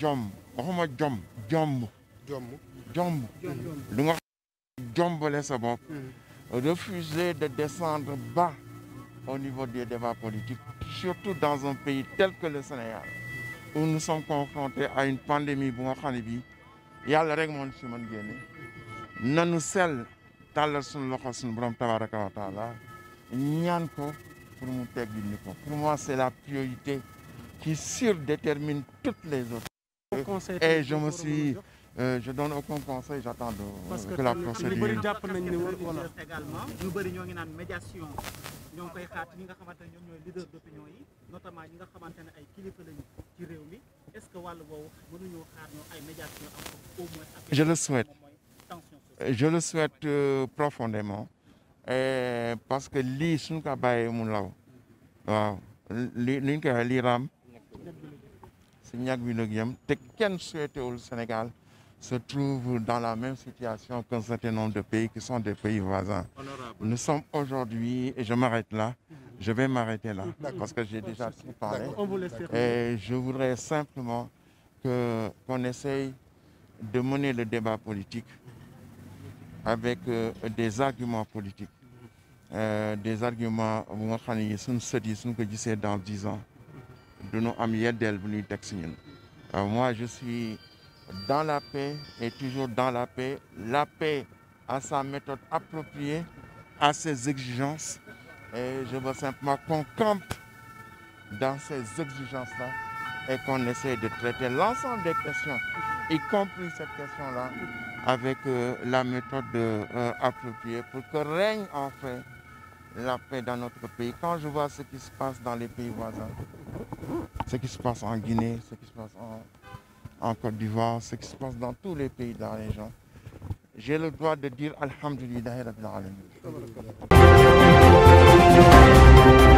jomb waxuma jomb jomb jomb jomb lu nga jombale sa bopp hmm. refuser de descendre bas au niveau des débats politiques surtout dans un pays tel que le Sénégal où nous sommes confrontés à une pandémie bu nga xam bi bii yàlla rek moon si mën génne nanu sell tàllal suñu loxo suñu borom tabaraka wa taala ñaan ko pour mu teggil ni ko pour moi c'est la priorité qui surdétermine toutes les autres conseil et eh, je me suis euh, je donne aucun conseil j'attends de que la procédure. ñu bëri ñoo ngi naan médiation ñoo koy xaar ñi nga xamante ñooy leader d'opinion yi notamment ñi nga xamante ay kilifa lañu ci réew mi est-ce que wàllu boobu mënuñoo xaar ñoo ay médiation am au je le souhaite euh, euh, profondément parce que lii suñu ko bàyyee mu law waaw li li ñu si ñàkk bi nag yem te kenn souhaité wul Sénégal se trouve dans la même situation qu'un certain nombre de pays qui sont des pays voisins. Honorable. Nous sommes aujourd'hui, et je m'arrête là, parce que j'ai déjà tout parlé. Et je voudrais simplement que qu'on essaye de mener le débat politique avec euh, des arguments politiques, euh, des arguments bu nga xam ne suñu ko gisee dans dix ans. du ñu am yeddeel bu ñuy teg si ñun moi je suis dans la paix et toujours dans la paix la paix à sa méthode appropriée à ses exigences et je veux simplement qu'on campe dans ces exigences-là et qu'on essaie de traiter l'ensemble des questions, y compris cette question-là, avec euh, la méthode euh, appropriée pour que règne enfin la paix dans notre pays. Quand je vois ce qui se passe dans les pays voisins, ce qui se passe en Guinée, ce qui se passe en, en Côte d'Ivoire, ce qui se passe dans tous les pays dans les gens, j'ai le droit de dire Alhamdulillah Rabbil Alamin.